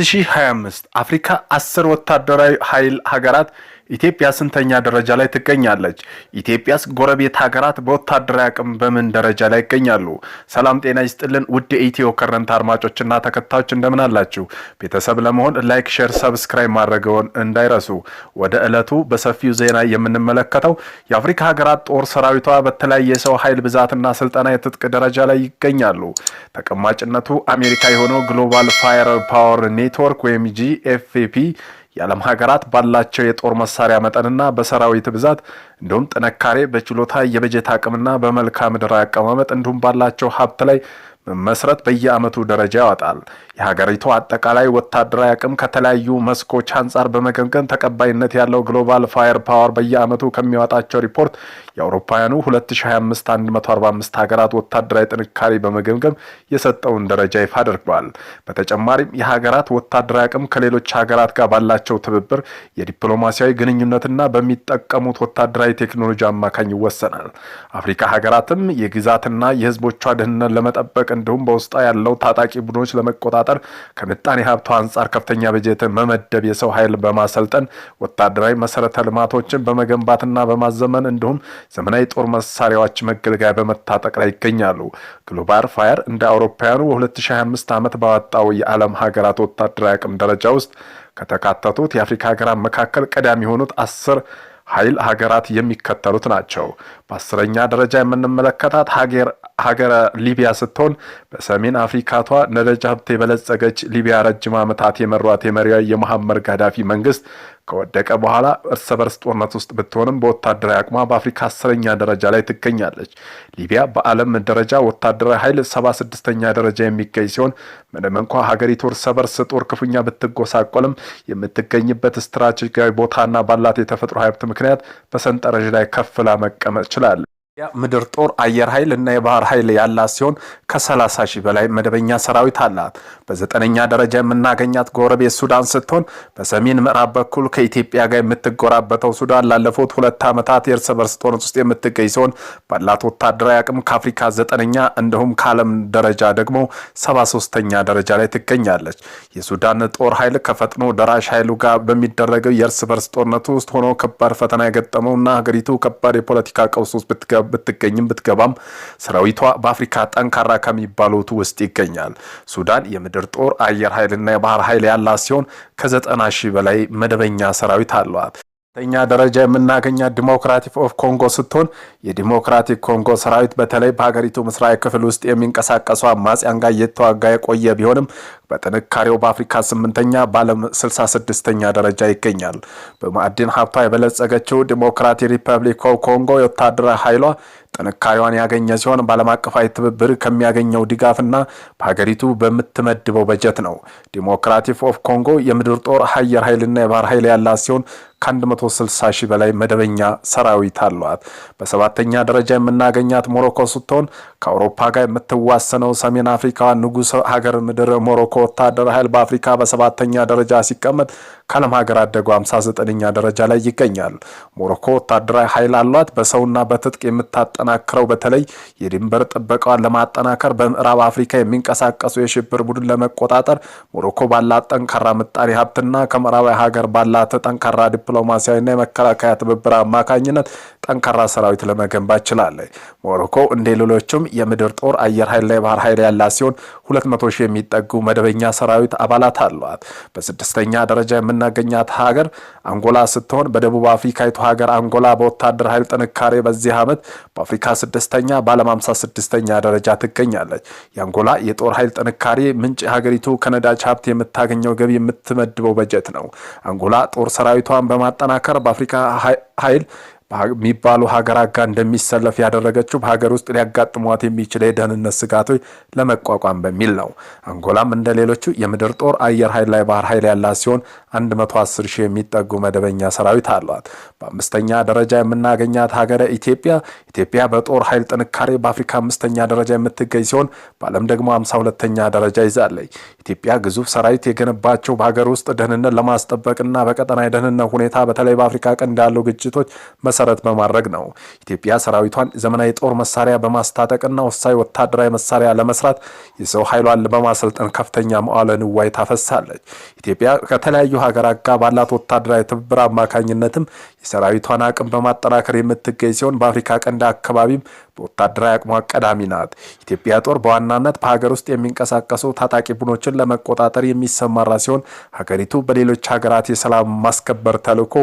2025 አፍሪካ አስር ወታደራዊ ኃይል ሀገራት ኢትዮጵያ ስንተኛ ደረጃ ላይ ትገኛለች? ኢትዮጵያስ ጎረቤት ሀገራት በወታደራዊ አቅም በምን ደረጃ ላይ ይገኛሉ? ሰላም ጤና ይስጥልን ውድ የኢትዮ ከረንት አድማጮችና ተከታዮች እንደምን አላችሁ? ቤተሰብ ለመሆን ላይክ፣ ሼር፣ ሰብስክራይብ ማድረገውን እንዳይረሱ። ወደ ዕለቱ በሰፊው ዜና የምንመለከተው የአፍሪካ ሀገራት ጦር ሰራዊቷ በተለያየ የሰው ኃይል ብዛትና ስልጠና የትጥቅ ደረጃ ላይ ይገኛሉ። ተቀማጭነቱ አሜሪካ የሆነው ግሎባል ፋየር ፓወር ኔትወርክ ወይም ጂኤፍፒ የዓለም ሀገራት ባላቸው የጦር መሳሪያ መጠንና በሰራዊት ብዛት እንዲሁም ጥንካሬ፣ በችሎታ የበጀት አቅምና በመልክዓ ምድር አቀማመጥ እንዲሁም ባላቸው ሀብት ላይ መስረት በየዓመቱ ደረጃ ያወጣል። የሀገሪቱ አጠቃላይ ወታደራዊ አቅም ከተለያዩ መስኮች አንጻር በመገምገም ተቀባይነት ያለው ግሎባል ፋየር ፓወር በየዓመቱ ከሚያወጣቸው ሪፖርት የአውሮፓውያኑ 2025 145 ሀገራት ወታደራዊ ጥንካሬ በመገምገም የሰጠውን ደረጃ ይፋ አድርገዋል። በተጨማሪም የሀገራት ወታደራዊ አቅም ከሌሎች ሀገራት ጋር ባላቸው ትብብር፣ የዲፕሎማሲያዊ ግንኙነትና በሚጠቀሙት ወታደራዊ ቴክኖሎጂ አማካኝ ይወሰናል። አፍሪካ ሀገራትም የግዛትና የህዝቦቿ ደህንነት ለመጠበቅ እንዲሁም በውስጧ ያለው ታጣቂ ቡድኖች ለመቆጣጠር ከምጣኔ ሀብቷ አንጻር ከፍተኛ በጀት መመደብ፣ የሰው ኃይል በማሰልጠን ወታደራዊ መሰረተ ልማቶችን በመገንባትና በማዘመን እንዲሁም ዘመናዊ ጦር መሳሪያዎች መገልገያ በመታጠቅ ላይ ይገኛሉ። ግሎባል ፋየር እንደ አውሮፓውያኑ በ2025 ዓመት ባወጣው የዓለም ሀገራት ወታደራዊ አቅም ደረጃ ውስጥ ከተካተቱት የአፍሪካ ሀገራት መካከል ቀዳሚ የሆኑት አስር ኃይል ሀገራት የሚከተሉት ናቸው። በአስረኛ ደረጃ የምንመለከታት ሀገር ሀገረ ሊቢያ ስትሆን በሰሜን አፍሪካቷ ነዳጅ ሀብት የበለጸገች ሊቢያ ረጅም ዓመታት የመሯት የመሪዋ የመሐመር ጋዳፊ መንግስት ከወደቀ በኋላ እርስ በርስ ጦርነት ውስጥ ብትሆንም በወታደራዊ አቅሟ በአፍሪካ አስረኛ ደረጃ ላይ ትገኛለች። ሊቢያ በዓለም ደረጃ ወታደራዊ ኃይል ሰባ ስድስተኛ ደረጃ የሚገኝ ሲሆን ምንም እንኳ ሀገሪቱ እርስ በርስ ጦር ክፉኛ ብትጎሳቆልም የምትገኝበት ስትራቴጂካዊ ቦታና ባላት የተፈጥሮ ሀብት ምክንያት በሰንጠረዥ ላይ ከፍላ መቀመጥ ችላለች። ምድር ጦር አየር ኃይል እና የባህር ኃይል ያላት ሲሆን ከ30 ሺህ በላይ መደበኛ ሰራዊት አላት። በዘጠነኛ ደረጃ የምናገኛት ጎረቤት ሱዳን ስትሆን በሰሜን ምዕራብ በኩል ከኢትዮጵያ ጋር የምትጎራበተው ሱዳን ላለፉት ሁለት ዓመታት የእርስ በርስ ጦርነት ውስጥ የምትገኝ ሲሆን ባላት ወታደራዊ አቅም ከአፍሪካ ዘጠነኛ እንዲሁም ከዓለም ደረጃ ደግሞ 73ተኛ ደረጃ ላይ ትገኛለች። የሱዳን ጦር ኃይል ከፈጥኖ ደራሽ ኃይሉ ጋር በሚደረገው የእርስ በርስ ጦርነት ውስጥ ሆኖ ከባድ ፈተና የገጠመውና ሀገሪቱ ከባድ የፖለቲካ ቀውስ ውስጥ ብትገባ ብትገኝም ብትገባም ሰራዊቷ በአፍሪካ ጠንካራ ከሚባሉት ውስጥ ይገኛል። ሱዳን የምድር ጦር፣ አየር ኃይልና የባህር ኃይል ያላት ሲሆን ከዘጠና ሺህ በላይ መደበኛ ሰራዊት አሏት። ተኛ ደረጃ የምናገኛት ዲሞክራቲክ ኦፍ ኮንጎ ስትሆን የዲሞክራቲክ ኮንጎ ሰራዊት በተለይ በሀገሪቱ ምስራቅ ክፍል ውስጥ የሚንቀሳቀሱ አማጽያን ጋር እየተዋጋ የቆየ ቢሆንም በጥንካሬው በአፍሪካ ስምንተኛ በዓለም 66ኛ ደረጃ ይገኛል። በማዕድን ሀብቷ የበለጸገችው ዲሞክራቲክ ሪፐብሊክ ኦፍ ኮንጎ የወታደራዊ ኃይሏ ጥንካሬዋን ያገኘ ሲሆን በዓለም አቀፋዊ ትብብር ከሚያገኘው ድጋፍና በሀገሪቱ በምትመድበው በጀት ነው። ዲሞክራቲክ ኦፍ ኮንጎ የምድር ጦር፣ አየር ኃይልና የባህር ኃይል ያላት ሲሆን ከ160 ሺህ በላይ መደበኛ ሰራዊት አሏት። በሰባተኛ ደረጃ የምናገኛት ሞሮኮ ስትሆን ከአውሮፓ ጋር የምትዋሰነው ሰሜን አፍሪካዋ ንጉሥ ሀገር ምድር ሞሮኮ በወታደራዊ ኃይል በአፍሪካ በሰባተኛ ደረጃ ሲቀመጥ ከዓለም ሀገራት ደግሞ 59ኛ ደረጃ ላይ ይገኛል። ሞሮኮ ወታደራዊ ኃይል አሏት። በሰውና በትጥቅ የምታጠናክረው በተለይ የድንበር ጥበቃዋን ለማጠናከር በምዕራብ አፍሪካ የሚንቀሳቀሱ የሽብር ቡድን ለመቆጣጠር ሞሮኮ ባላት ጠንካራ ምጣኔ ሀብትና ከምዕራባዊ ሀገር ባላት ጠንካራ ዲፕሎማሲያዊና የመከላከያ ትብብር አማካኝነት ጠንካራ ሰራዊት ለመገንባት ችላለች። ሞሮኮ እንደ ሌሎችም የምድር ጦር፣ አየር ኃይልና የባህር ኃይል ያላት ሲሆን 200 ሺህ የሚጠጉ መደበኛ ሰራዊት አባላት አሏት። በስድስተኛ ደረጃ የምናገኛት ሀገር አንጎላ ስትሆን በደቡብ አፍሪካዊቱ ሀገር አንጎላ በወታደር ኃይል ጥንካሬ በዚህ ዓመት በአፍሪካ ስድስተኛ በዓለም 56ኛ ደረጃ ትገኛለች። የአንጎላ የጦር ኃይል ጥንካሬ ምንጭ ሀገሪቱ ከነዳጅ ሀብት የምታገኘው ገቢ የምትመድበው በጀት ነው። አንጎላ ጦር ሰራዊቷን በማጠናከር በአፍሪካ ኃይል የሚባሉ ሀገራት ጋር እንደሚሰለፍ ያደረገችው በሀገር ውስጥ ሊያጋጥሟት የሚችል የደህንነት ስጋቶች ለመቋቋም በሚል ነው። አንጎላም እንደ ሌሎቹ የምድር ጦር፣ አየር ኃይል ላይ ባህር ኃይል ያላት ሲሆን 110 ሺህ የሚጠጉ መደበኛ ሰራዊት አሏት። በአምስተኛ ደረጃ የምናገኛት ሀገረ ኢትዮጵያ። ኢትዮጵያ በጦር ኃይል ጥንካሬ በአፍሪካ አምስተኛ ደረጃ የምትገኝ ሲሆን በዓለም ደግሞ 52ተኛ ደረጃ ይዛለች። ኢትዮጵያ ግዙፍ ሰራዊት የገነባቸው በሀገር ውስጥ ደህንነት ለማስጠበቅና በቀጠና የደህንነት ሁኔታ በተለይ በአፍሪካ ቀንድ ያሉ ግጭቶች መሰ መሰረት በማድረግ ነው። ኢትዮጵያ ሰራዊቷን ዘመናዊ ጦር መሳሪያ በማስታጠቅና ወሳኝ ወታደራዊ መሳሪያ ለመስራት የሰው ኃይሏን በማሰልጠን ከፍተኛ መዋለ ንዋይ ታፈሳለች። ኢትዮጵያ ከተለያዩ ሀገራት ጋር ባላት ወታደራዊ ትብብር አማካኝነትም የሰራዊቷን አቅም በማጠናከር የምትገኝ ሲሆን በአፍሪካ ቀንድ አካባቢም በወታደራዊ አቅሟ ቀዳሚ ናት። ኢትዮጵያ ጦር በዋናነት በሀገር ውስጥ የሚንቀሳቀሱ ታጣቂ ቡድኖችን ለመቆጣጠር የሚሰማራ ሲሆን ሀገሪቱ በሌሎች ሀገራት የሰላም ማስከበር ተልዕኮ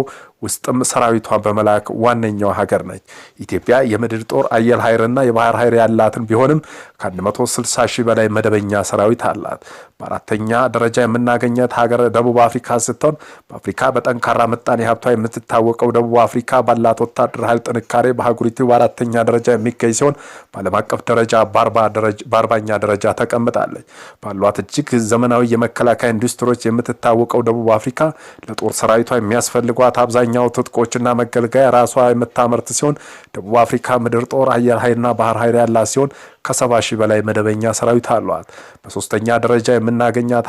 ውስጥም ሰራዊቷን በመላክ ዋነኛው ሀገር ነች። ኢትዮጵያ የምድር ጦር አየር ኃይልና የባህር ኃይል ያላትን ቢሆንም ከ160 ሺህ በላይ መደበኛ ሰራዊት አላት። በአራተኛ ደረጃ የምናገኘት ሀገር ደቡብ አፍሪካ ስትሆን በአፍሪካ በጠንካራ ምጣኔ ሀብቷ የምትታወቀው ደቡብ አፍሪካ ባላት ወታደር ኃይል ጥንካሬ በአህጉሪቱ በአራተኛ ደረጃ የሚገኝ ሲሆን በዓለም አቀፍ ደረጃ በአርባኛ ደረጃ ተቀምጣለች። ባሏት እጅግ ዘመናዊ የመከላከያ ኢንዱስትሪዎች የምትታወቀው ደቡብ አፍሪካ ለጦር ሰራዊቷ የሚያስፈልጓት አብዛኛው ትጥቆችና መገልገያ ራሷ የምታመርት ሲሆን ደቡብ አፍሪካ ምድር ጦር፣ አየር ኃይልና ባህር ኃይል ያላት ሲሆን ከሰባ ሺህ በላይ መደበኛ ሰራዊት አሏት። በሶስተኛ ደረጃ የምናገኛት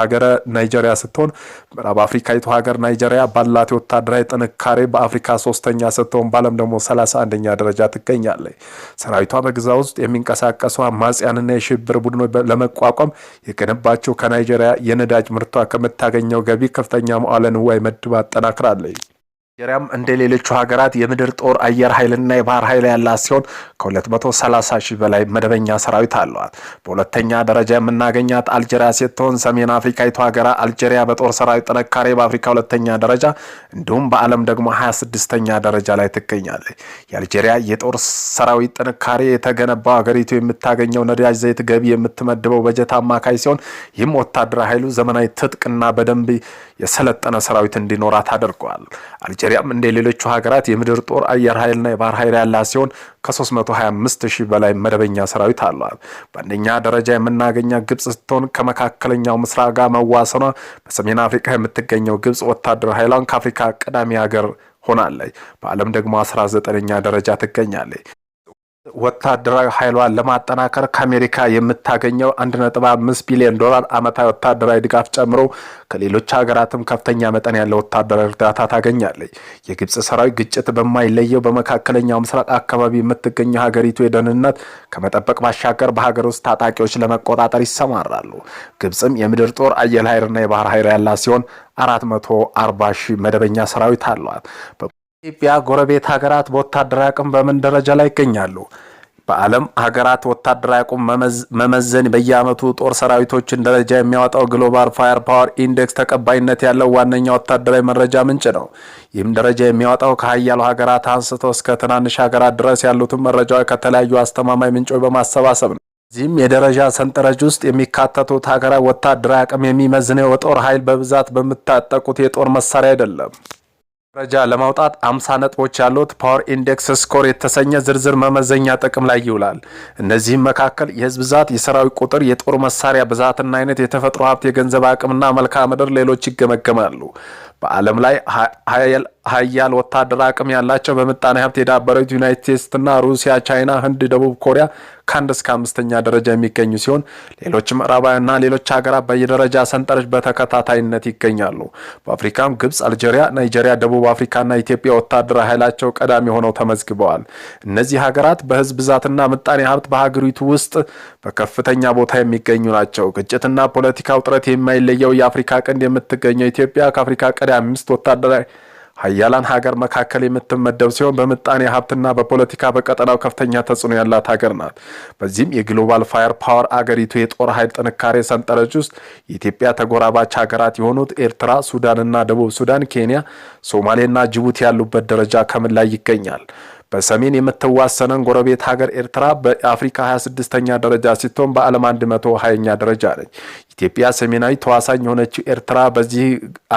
ሀገረ ናይጀሪያ ስትሆን ምዕራብ አፍሪካዊቱ ሀገር ናይጀሪያ ባላት የወታደራዊ ጥንካሬ በአፍሪካ ሶስተኛ ስትሆን በዓለም ደግሞ ሰላሳ አንደኛ ደረጃ ትገኛለች። ሰራዊቷ በግዛ ውስጥ የሚንቀሳቀሱ አማጽያንና የሽብር ቡድኖች ለመቋቋም የገነባቸው ከናይጀሪያ የነዳጅ ምርቷ ከምታገኘው ገቢ ከፍተኛ መዋለ ንዋይ መድባ አጠናክራለች። ናይጄሪያም እንደ ሌሎቹ ሀገራት የምድር ጦር አየር ኃይልና የባህር ኃይል ያላት ሲሆን ከ230 ሺህ በላይ መደበኛ ሰራዊት አለዋት። በሁለተኛ ደረጃ የምናገኛት አልጄሪያ ስትሆን ሰሜን አፍሪካዊቷ ሀገራ አልጄሪያ በጦር ሰራዊት ጥንካሬ በአፍሪካ ሁለተኛ ደረጃ እንዲሁም በዓለም ደግሞ 26ተኛ ደረጃ ላይ ትገኛለች። የአልጄሪያ የጦር ሰራዊት ጥንካሬ የተገነባው ሀገሪቱ የምታገኘው ነዳጅ ዘይት ገቢ የምትመድበው በጀት አማካይ ሲሆን ይህም ወታደራዊ ኃይሉ ዘመናዊ ትጥቅና በደንብ የሰለጠነ ሰራዊት እንዲኖራት አድርገዋል። ሶሪያም እንደ ሌሎቹ ሀገራት የምድር ጦር አየር ኃይልና የባህር ኃይል ያላት ሲሆን ከ325 ሺህ በላይ መደበኛ ሰራዊት አሏት። በአንደኛ ደረጃ የምናገኛ ግብጽ ስትሆን ከመካከለኛው ምስራቅ ጋር መዋሰኗ በሰሜን አፍሪካ የምትገኘው ግብጽ ወታደር ኃይሏን ከአፍሪካ ቀዳሚ ሀገር ሆናለች። በዓለም ደግሞ 19ኛ ደረጃ ትገኛለች። ወታደራዊ ኃይሏን ለማጠናከር ከአሜሪካ የምታገኘው 1.5 ቢሊዮን ዶላር ዓመታዊ ወታደራዊ ድጋፍ ጨምሮ ከሌሎች ሀገራትም ከፍተኛ መጠን ያለው ወታደራዊ እርዳታ ታገኛለች። የግብፅ ሰራዊት ግጭት በማይለየው በመካከለኛው ምስራቅ አካባቢ የምትገኘው ሀገሪቱ የደህንነት ከመጠበቅ ባሻገር በሀገር ውስጥ ታጣቂዎች ለመቆጣጠር ይሰማራሉ። ግብፅም የምድር ጦር፣ አየር ኃይልና የባህር ኃይል ያላት ሲሆን 440 ሺህ መደበኛ ሰራዊት አሏት። ኢትዮጵያ ጎረቤት ሀገራት በወታደራዊ አቅም በምን ደረጃ ላይ ይገኛሉ? በዓለም ሀገራት ወታደራዊ አቅም መመዘን በየዓመቱ ጦር ሰራዊቶችን ደረጃ የሚያወጣው ግሎባል ፋየር ፓወር ኢንዴክስ ተቀባይነት ያለው ዋነኛ ወታደራዊ መረጃ ምንጭ ነው። ይህም ደረጃ የሚያወጣው ከሀያሉ ሀገራት አንስቶ እስከ ትናንሽ ሀገራት ድረስ ያሉትን መረጃዎች ከተለያዩ አስተማማኝ ምንጮች በማሰባሰብ ነው። እዚህም የደረጃ ሰንጠረዥ ውስጥ የሚካተቱት ሀገራት ወታደራዊ አቅም የሚመዝነው የጦር ኃይል በብዛት በምታጠቁት የጦር መሳሪያ አይደለም። ረጃ ለማውጣት 50 ነጥቦች ያሉት ፓወር ኢንዴክስ ስኮር የተሰኘ ዝርዝር መመዘኛ ጥቅም ላይ ይውላል። እነዚህም መካከል የህዝብ ብዛት፣ የሰራዊት ቁጥር፣ የጦር መሳሪያ ብዛትና አይነት፣ የተፈጥሮ ሀብት፣ የገንዘብ አቅምና መልክዓ ምድር ሌሎች ይገመገማሉ። በዓለም ላይ ሀያል ወታደር አቅም ያላቸው በምጣኔ ሀብት የዳበሩት ዩናይትድ ስቴትስና ሩሲያ፣ ቻይና፣ ህንድ፣ ደቡብ ኮሪያ ከአንድ እስከ አምስተኛ ደረጃ የሚገኙ ሲሆን ሌሎች ምዕራባውያንና ሌሎች ሀገራት በየደረጃ ሰንጠረዥ በተከታታይነት ይገኛሉ። በአፍሪካም ግብጽ አልጄሪያ፣ ናይጄሪያ፣ ደቡብ አፍሪካና ኢትዮጵያ ወታደራዊ ኃይላቸው ቀዳሚ ሆነው ተመዝግበዋል። እነዚህ ሀገራት በህዝብ ብዛትና ምጣኔ ሀብት በሀገሪቱ ውስጥ በከፍተኛ ቦታ የሚገኙ ናቸው። ግጭትና ፖለቲካ ውጥረት የማይለየው የአፍሪካ ቀንድ የምትገኘው ኢትዮጵያ ከአፍሪካ ቀዳሚ አምስት ወታደራዊ ሀያላን ሀገር መካከል የምትመደብ ሲሆን በምጣኔ ሀብትና በፖለቲካ በቀጠናው ከፍተኛ ተጽዕኖ ያላት ሀገር ናት። በዚህም የግሎባል ፋየር ፓወር አገሪቱ የጦር ኃይል ጥንካሬ ሰንጠረዥ ውስጥ የኢትዮጵያ ተጎራባች ሀገራት የሆኑት ኤርትራ፣ ሱዳንና ደቡብ ሱዳን፣ ኬንያ፣ ሶማሌና ጅቡቲ ያሉበት ደረጃ ከምን ላይ ይገኛል? በሰሜን የምትዋሰነን ጎረቤት ሀገር ኤርትራ በአፍሪካ 26ኛ ደረጃ ስትሆን በዓለም 120ኛ ደረጃ ነች። ኢትዮጵያ ሰሜናዊ ተዋሳኝ የሆነችው ኤርትራ በዚህ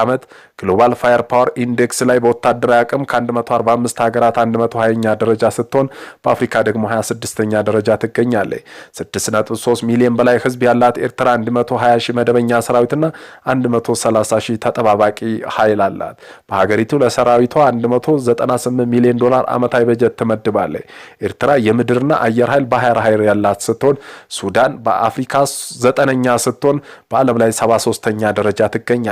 ዓመት ግሎባል ፋየር ፓወር ኢንዴክስ ላይ በወታደራዊ አቅም ከ145 ሀገራት 120ኛ ደረጃ ስትሆን በአፍሪካ ደግሞ 26ኛ ደረጃ ትገኛለች። 6.3 ሚሊዮን በላይ ህዝብ ያላት ኤርትራ 120 ሺህ መደበኛ ሰራዊትና 130 ሺህ ተጠባባቂ ኃይል አላት። በሀገሪቱ ለሰራዊቷ 198 ሚሊዮን ዶላር ዓመታዊ በጀት ትመድባለች። ኤርትራ የምድርና አየር ኃይል፣ ባህር ኃይል ያላት ስትሆን ሱዳን በአፍሪካ ዘጠነኛ ስትሆን በዓለም ላይ ሰባ ሶስተኛ ደረጃ ትገኛለች።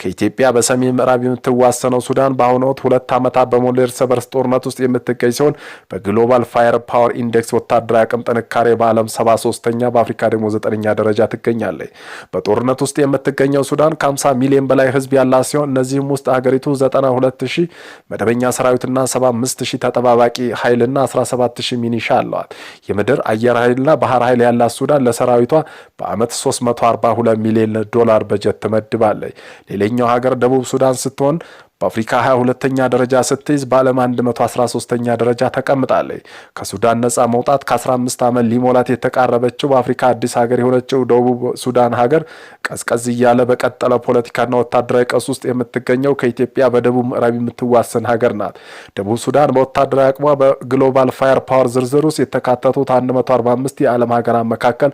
ከኢትዮጵያ በሰሜን ምዕራብ የምትዋሰነው ሱዳን በአሁኑ ወቅት ሁለት ዓመታት በሞላ እርስ በርስ ጦርነት ውስጥ የምትገኝ ሲሆን በግሎባል ፋየር ፓወር ኢንዴክስ ወታደራዊ አቅም ጥንካሬ በዓለም ሰባ ሶስተኛ በአፍሪካ ደግሞ ዘጠነኛ ደረጃ ትገኛለች። በጦርነት ውስጥ የምትገኘው ሱዳን ከ50 ሚሊዮን በላይ ህዝብ ያላት ሲሆን እነዚህም ውስጥ ሀገሪቱ 92 ሺህ መደበኛ ሰራዊትና 75 ሺህ ተጠባባቂ ኃይልና 17 ሺህ ሚኒሻ አለዋል። የምድር አየር ኃይልና ባህር ኃይል ያላት ሱዳን ለሰራዊቷ በዓመት 340 42 ሚሊዮን ዶላር በጀት ትመድባለች። ሌላኛው ሀገር ደቡብ ሱዳን ስትሆን በአፍሪካ 22ኛ ደረጃ ስትይዝ በዓለም 113ኛ ደረጃ ተቀምጣለች። ከሱዳን ነፃ መውጣት ከ15 ዓመት ሊሞላት የተቃረበችው በአፍሪካ አዲስ ሀገር የሆነችው ደቡብ ሱዳን ሀገር ቀዝቀዝ እያለ በቀጠለ ፖለቲካና ወታደራዊ ቀውስ ውስጥ የምትገኘው ከኢትዮጵያ በደቡብ ምዕራብ የምትዋሰን ሀገር ናት። ደቡብ ሱዳን በወታደራዊ አቅሟ በግሎባል ፋየር ፓወር ዝርዝር ውስጥ የተካተቱት 145 የዓለም ሀገራት መካከል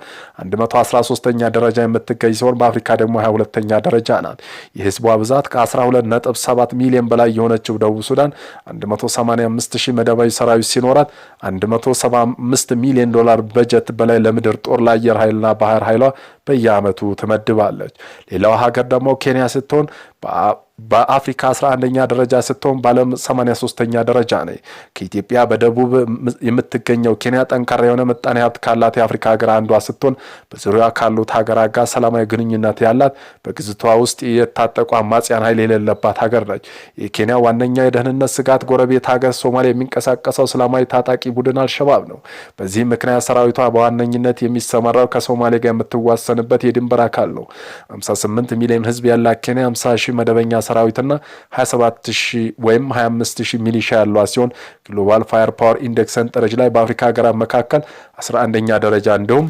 113ኛ ደረጃ የምትገኝ ሲሆን በአፍሪካ ደግሞ 22ኛ ደረጃ ናት። የህዝቧ ብዛት ከ12 ነጥብ 7 7 ሚሊዮን በላይ የሆነችው ደቡብ ሱዳን 185 ሺህ መደባዊ ሰራዊት ሲኖራት 175 ሚሊዮን ዶላር በጀት በላይ ለምድር ጦር ለአየር ኃይልና ባህር ኃይሏ በየዓመቱ ትመድባለች። ሌላው ሀገር ደግሞ ኬንያ ስትሆን በአፍሪካ 11ኛ ደረጃ ስትሆን በዓለም 83ኛ ደረጃ ነ ከኢትዮጵያ በደቡብ የምትገኘው ኬንያ ጠንካራ የሆነ ምጣኔ ሀብት ካላት የአፍሪካ ሀገር አንዷ ስትሆን በዙሪያ ካሉት ሀገራት ጋር ሰላማዊ ግንኙነት ያላት በግዝቷ ውስጥ የታጠቁ አማጽያን ኃይል የሌለባት ሀገር ነች። የኬንያ ዋነኛ የደህንነት ስጋት ጎረቤት ሀገር ሶማሊያ የሚንቀሳቀሰው እስላማዊ ታጣቂ ቡድን አልሸባብ ነው። በዚህ ምክንያት ሰራዊቷ በዋነኝነት የሚሰማራው ከሶማሌ ጋር የምትዋሰንበት የድንበር አካል ነው። 58 ሚሊዮን ህዝብ ያላት ኬንያ 50 ሺህ መደበኛ ሰራዊትና 27000 ወይም 25000 ሚሊሻ ያሏት ሲሆን ግሎባል ፋየር ፓወር ኢንዴክስ ሰንጠረዥ ላይ በአፍሪካ ሀገራት መካከል 11ኛ ደረጃ እንዲሁም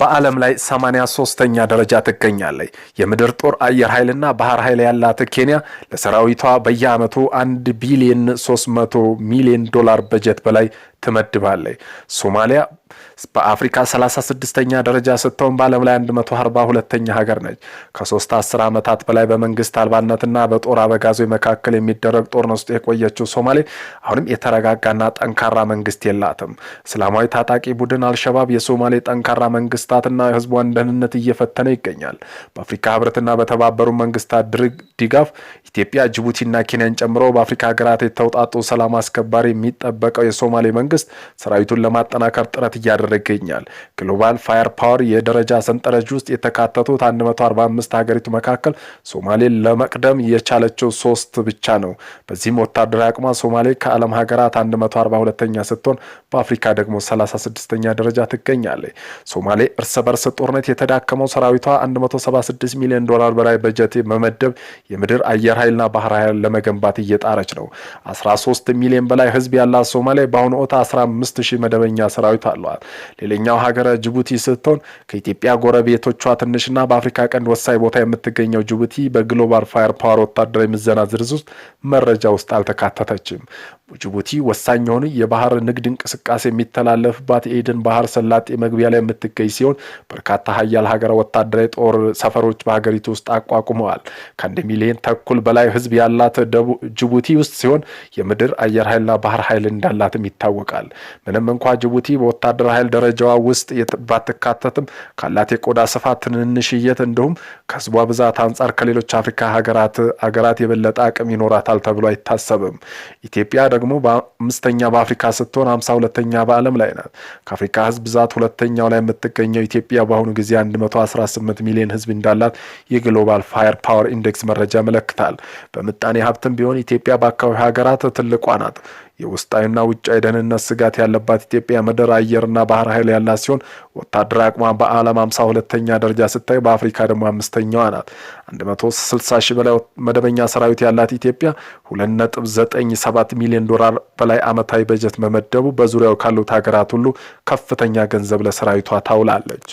በዓለም ላይ 83ኛ ደረጃ ትገኛለች። የምድር ጦር አየር ኃይልና ባህር ኃይል ያላት ኬንያ ለሰራዊቷ በየዓመቱ 1 ቢሊዮን 300 ሚሊዮን ዶላር በጀት በላይ ትመድባለች። ሶማሊያ በአፍሪካ 36ኛ ደረጃ ስትሆን በዓለም ላይ 142ኛ ሀገር ነች። ከሶስት አስር ዓመታት በላይ በመንግስት አልባነትና በጦር አበጋዞች መካከል የሚደረግ ጦርነት ውስጥ የቆየችው ሶማሌ አሁንም የተረጋጋና ጠንካራ መንግስት የላትም። እስላማዊ ታጣቂ ቡድን አልሸባብ የሶማሌ ጠንካራ መንግስታትና የህዝቧን ደህንነት እየፈተነ ይገኛል። በአፍሪካ ህብረትና በተባበሩ መንግስታት ድጋፍ ኢትዮጵያ፣ ጅቡቲና ኬንያን ጨምሮ በአፍሪካ ሀገራት የተውጣጡ ሰላም አስከባሪ የሚጠበቀው የሶማሌ መንግስት ሰራዊቱን ለማጠናከር ጥረት እያደረገ ይገኛል። ግሎባል ፋየር ፓወር የደረጃ ሰንጠረዥ ውስጥ የተካተቱት 145 ሀገሪቱ መካከል ሶማሌ ለመቅደም የቻለችው ሶስት ብቻ ነው። በዚህም ወታደራዊ አቅሟ ሶማሌ ከዓለም ሀገራት 142ኛ ስትሆን በአፍሪካ ደግሞ 36ኛ ደረጃ ትገኛለች። ሶማሌ እርስ በርስ ጦርነት የተዳከመው ሰራዊቷ 176 ሚሊዮን ዶላር በላይ በጀት መመደብ የምድር አየር ኃይልና ባህር ኃይል ለመገንባት እየጣረች ነው። 13 ሚሊዮን በላይ ህዝብ ያላት ሶማሌ በአሁኑ ወቅት 15 ሺህ መደበኛ ሰራዊት አሏል። ተናግረዋል። ሌላኛው ሀገረ ጅቡቲ ስትሆን ከኢትዮጵያ ጎረቤቶቿ ትንሽና በአፍሪካ ቀንድ ወሳኝ ቦታ የምትገኘው ጅቡቲ በግሎባል ፋየር ፓወር ወታደራዊ ምዘና ዝርዝር መረጃ ውስጥ አልተካተተችም። በጅቡቲ ወሳኝ የሆነ የባህር ንግድ እንቅስቃሴ የሚተላለፍባት የኤደን ባህር ሰላጤ መግቢያ ላይ የምትገኝ ሲሆን በርካታ ሀያል ሀገራት ወታደራዊ ጦር ሰፈሮች በሀገሪቱ ውስጥ አቋቁመዋል። ከአንድ ሚሊዮን ተኩል በላይ ህዝብ ያላት ጅቡቲ ውስጥ ሲሆን የምድር አየር ኃይልና ባህር ኃይል እንዳላትም ይታወቃል። ምንም እንኳ ጅቡቲ በወታደራዊ ኃይል ደረጃዋ ውስጥ ባትካተትም ካላት የቆዳ ስፋት ትንንሽየት፣ እንዲሁም ከህዝቧ ብዛት አንጻር ከሌሎች አፍሪካ ሀገራት የበለጠ አቅም ይኖራታል ተብሎ አይታሰብም። ኢትዮጵያ ደግሞ አምስተኛ በአፍሪካ ስትሆን ሀምሳ ሁለተኛ በዓለም ላይ ናት። ከአፍሪካ ህዝብ ብዛት ሁለተኛው ላይ የምትገኘው ኢትዮጵያ በአሁኑ ጊዜ 118 ሚሊዮን ህዝብ እንዳላት የግሎባል ፋየር ፓወር ኢንዴክስ መረጃ ያመለክታል። በምጣኔ ሀብትም ቢሆን ኢትዮጵያ በአካባቢ ሀገራት ትልቋ ናት። የውስጣዊና ውጫዊ ደህንነት ስጋት ያለባት ኢትዮጵያ ምድር፣ አየርና ባህር ኃይል ያላት ሲሆን ወታደራዊ አቅሟ በዓለም 52 ሁለተኛ ደረጃ ስታይ በአፍሪካ ደግሞ አምስተኛዋ ናት። 160 ሺህ በላይ መደበኛ ሰራዊት ያላት ኢትዮጵያ 2.97 ሚሊዮን ዶላር በላይ ዓመታዊ በጀት መመደቡ በዙሪያው ካሉት ሀገራት ሁሉ ከፍተኛ ገንዘብ ለሰራዊቷ ታውላለች።